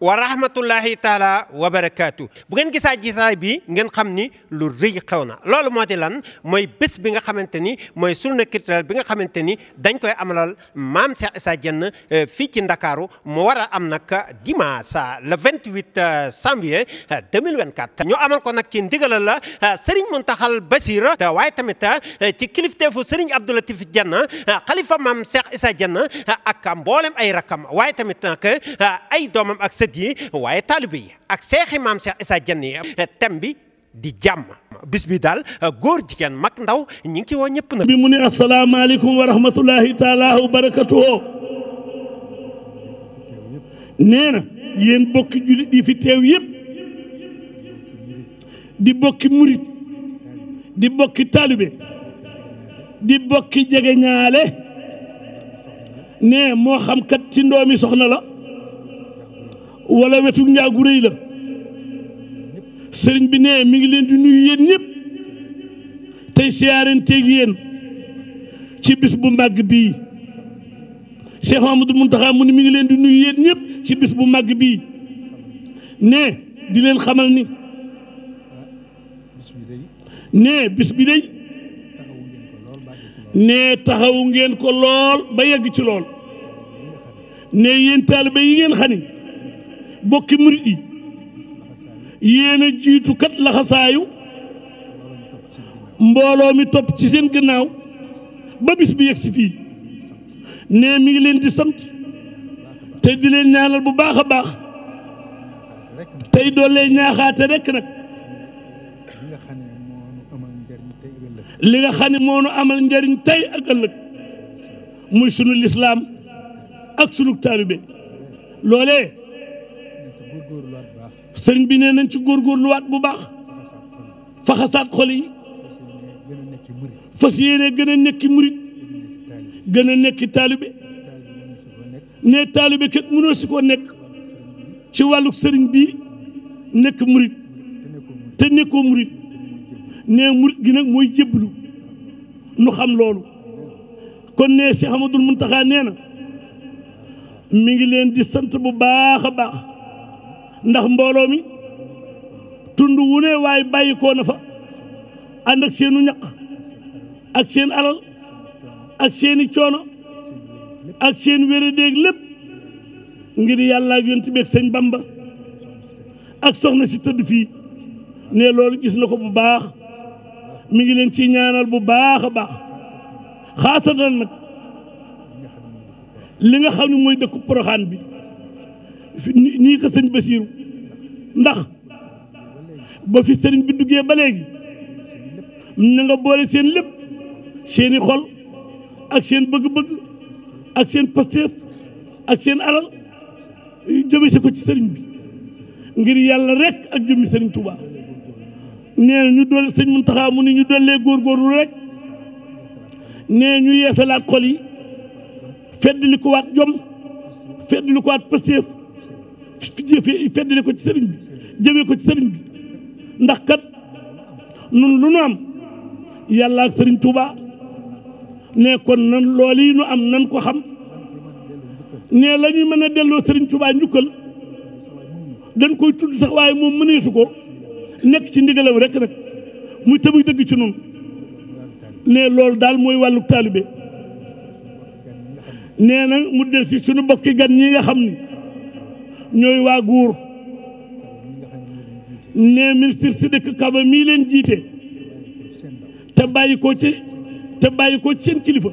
wa rahmatullahi taala wa barakaatu bu ngeen gisaa jisaay bi ngeen xam ni lu rëy xew na loolu moo lan mooy bés bi nga xamante ni mooy journée culturelle bi nga xamante ni dañ koy amalal maam Cheikh Issa Diène euh, fii ci Ndakaaru mu war a am nag dimanche euh, le 28 euh, janvier ta ñu amal ko nag ci ndigalal la Serigne Mountakhal Bassir waaye tamit ci kilifteefu Serigne Abdou Latif janna xalifa maam Cheikh Issa Diène ak mboolem ay rakam waaye tamit ay doomam ak diine waaye taalibe yi ak seexi maam Cheikh Issa Dienne eh, thème bi di jàmm bis bi daal eh, góor jigéen mag ndaw ñi ngi ci woo ñëpp na bi mu ne asalaamaaleykum wa rahmatullahi taala wa barakatuho nee na yéen bokki julit yi fi teew yëpp di bokki murit di bokki taalibe di bokki jege ñaale ne moo xam kat ci ndoomi soxna la wala wetu njaagu rëy la sëriñ bi nee mi ngi leen di nuyu yéen ñëpp tey siyaaranteeg yéen ci bis bu màgg bii Cheikh Mamadou Mountakha mu ni mi ngi leen di nuyu yéen ñëpp ci bis bu màgg bii ne di leen xamal ni ne bis bi day ne taxawu ngeen ko lool ba yegg ci lool ne yéen taaliba yi ngeen xani bokki murit yi yéen jiitu kat laxasaayu mbooloo mi topp ci seen gannaaw ba bis bi yegsi fii nee mi ngi leen di sant te di leen ñaanal bu baax a baax tey doolee ñaaxaate rekk nag li nga xam ne moo nu amal njariñ tey ak ëllëg muy sunu lislaam ak sunu taalibe loolee sëriñ bi nee nañ ci góorgóorluwaat bu baax faxasaat xol yi fas yéene gën a nekki murit gën a nekki taalibe ne taalibe kat mënoo si ko nekk ci wàllu sëriñ bi nekk murit te nekkoo murit nee murit gi nag mooy jébbalu nu xam loolu kon nee Cheikh Amadou Mountakha nee na mu ngi leen di sant bu baax a baax ndax mbooloo mi tund wu ne waaye bàyyi koo na fa ànd ak seenu ñaq ak seen alal ak seeni coono ak seen wéradéeg lépp ngir yàlla ak yonent bi ak Bamba ak soxna si tëdd fii ne loolu gis na ko bu baax mi ngi leen ci ñaanal bu baax a baax xaasatan nag li nga xam ne mooy dëkku Poroxaan bi nii ko sëñ Basiiru ndax ba fi sëriñ bi duggee ba léegi na nga boole seen lépp seeni xol ak seen bëgg-bëgg ak seen pasteef ak seen alal jëme si ko ci sëriñ bi ngir yàlla rek ak jëmmi sëriñ Touba nee na ñu dool sëñ Muntaxa mu ni ñu dollee góorgóorlu rek nee ñu yeesalaat xol yi feddli ko waat jom feddli ko waat pasteef jëfee feddale ko ci sëriñ bi jëmee ko ci sëriñ bi ndax kat nun lu nu am yàlla sëriñ Touba ne kon nan loolu yi nu am nan ko xam ne lañuy ñuy mën a delloo sëriñ Touba njukkal dañ koy tudd sax waaye moom mëneesu ko nekk ci ndigalam rek nag muy tëbuy dëgg ci nun ne loolu daal mooy wàllu taalibe nee na mu del si sunu bokki gan ñi nga xam ni ñooy waa guur ne ministre Sidiki Kaba mii leen jiite te bàyyi ci te bàyyikoo ci seen kilifa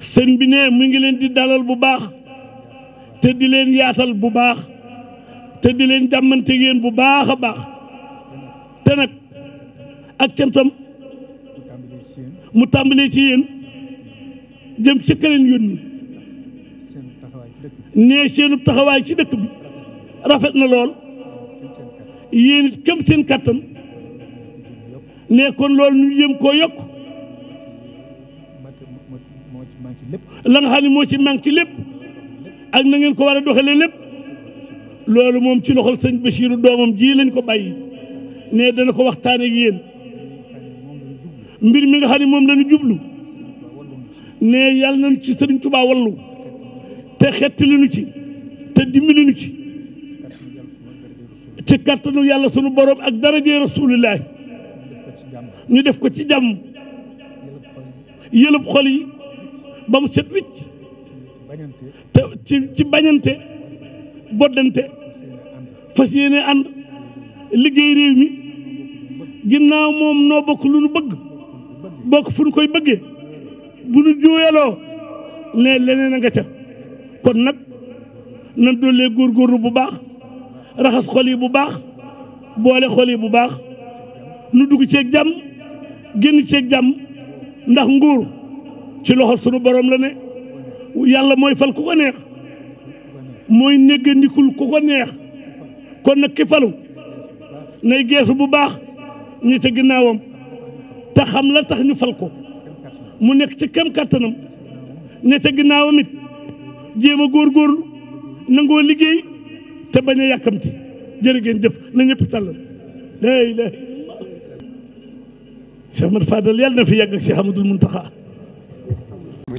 sëñ bi mu ngi leen di dalal bu baax te di leen yaatal bu baax te di leen jàmmante yéen bu baax a baax te nag ak cantam mu tàmbalee ci yéen jëm ci ka leen yónni nee seenu taxawaay ci dëkk bi rafet na lool yéen it këm seen kàttan nee kon lool ñu yëm koo yokk la nga xam ne moo ci manqué lépp ak na ngeen ko war a doxalee lépp loolu moom ci loxol sëñ Bachirou doomam ji lañ ko bàyyi nee dana ko waxtaane yéen mbir mi nga xam ne moom lañu jublu nee yàlla nañ ci sëriñ Tuubaa wallu te xettali ci te dimbali nu ci ci kàttanu yàlla sunu borom ak darajee rasulillahi ñu def ko ci jàmm yëlëb xol yi ba mu set wicc te ci ci bañante boddante fas yéene ànd liggéey réew mi ginnaaw moom noo bokk lu nu bëgg bokk fu koy bëggee bu nu juuyaloo ne leneen a nga ca kon nag nan doolee góorgóorlu bu baax raxas xol yi bu baax boole xol bu baax nu dugg ceeg jàmm génn ceeg jàmm ndax nguur ci loxo sunu borom la ne yàlla mooy fal ku ko neex mooy néggandikul ku ko neex kon nag ki falu nay geesu bu baax ñi ca ginnaawam te xam la tax ñu fal ko mu nekk ci kem kàttanam ña ca jéem a góorgóorlu nangoo liggéey te bañ a yàkkamti jërë ngeen jëf na ñëpp tàllal laa ilaaha illallaah Fadal yàlla na fi yàgg ak Cheikh Ahmadul Muntaxa muy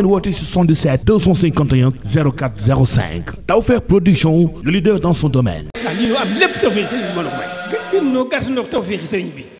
ngeen woote si 77 251 04 Production le leader dans son domaine. Ah, am lépp tawfeex sëriñ bi mën a may. gën noo gàtt noo tawfeex sëriñ